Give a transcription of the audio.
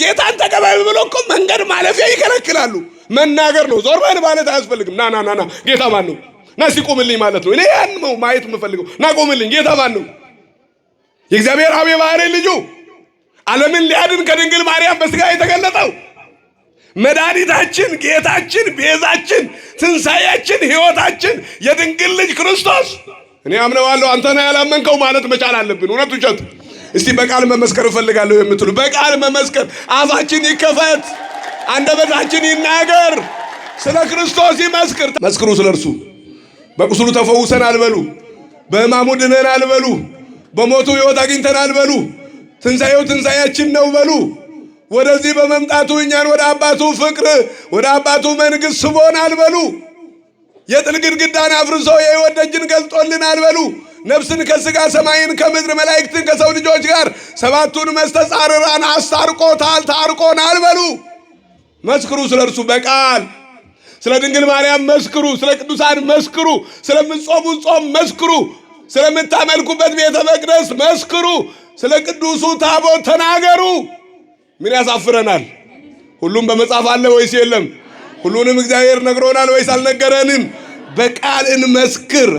ጌታን ተቀበል ብሎ እኮ መንገድ ማለፊያ ይከለክላሉ። መናገር ነው ዞር በል ማለት አያስፈልግም። ና ና ና ጌታ ማን ነው? ና ሲቆምልኝ ማለት ነው። እኔ ያን ነው ማየት የምፈልገው። ና ቆምልኝ። ጌታ ማን ነው? የእግዚአብሔር አብ የባህሪ ልጁ ዓለምን ሊያድን ከድንግል ማርያም በስጋ የተገለጠው መድኃኒታችን፣ ጌታችን፣ ቤዛችን፣ ትንሣኤያችን፣ ሕይወታችን የድንግል ልጅ ክርስቶስ እኔ አምነዋለሁ አንተና ያላመንከው ማለት መቻል አለብን። እውነት ውሸት እስቲ በቃል መመስከር እፈልጋለሁ የምትሉ በቃል መመስከር፣ አፋችን ይከፈት፣ አንደበታችን ይናገር፣ ስለ ክርስቶስ ይመስክር። መስክሩ ስለ እርሱ። በቁስሉ ተፈውሰን አልበሉ፣ በሕማሙ አልበሉ፣ በሞቱ ሕይወት አግኝተን አልበሉ፣ ትንሣኤው ትንሣኤያችን ነው በሉ። ወደዚህ በመምጣቱ እኛን ወደ አባቱ ፍቅር፣ ወደ አባቱ መንግሥት ስቦን አልበሉ። የጥል ግድግዳን አፍርሶ የሕይወት ደጅን ገልጦልናል በሉ። ነፍስን ከሥጋ ሰማይን ከምድር መላእክትን ከሰው ልጆች ጋር ሰባቱን መስተጻርራን አስታርቆታል፣ ታርቆናል በሉ። መስክሩ፣ ስለ እርሱ በቃል ስለ ድንግል ማርያም መስክሩ፣ ስለ ቅዱሳን መስክሩ፣ ስለምትጾሙት ጾም መስክሩ፣ ስለምታመልኩበት ቤተ መቅደስ መስክሩ፣ ስለ ቅዱሱ ታቦት ተናገሩ። ምን ያሳፍረናል? ሁሉም በመጽሐፍ አለ ወይስ የለም? ሁሉንም እግዚአብሔር ነግሮናል ወይስ አልነገረንም? بقال ان مسكر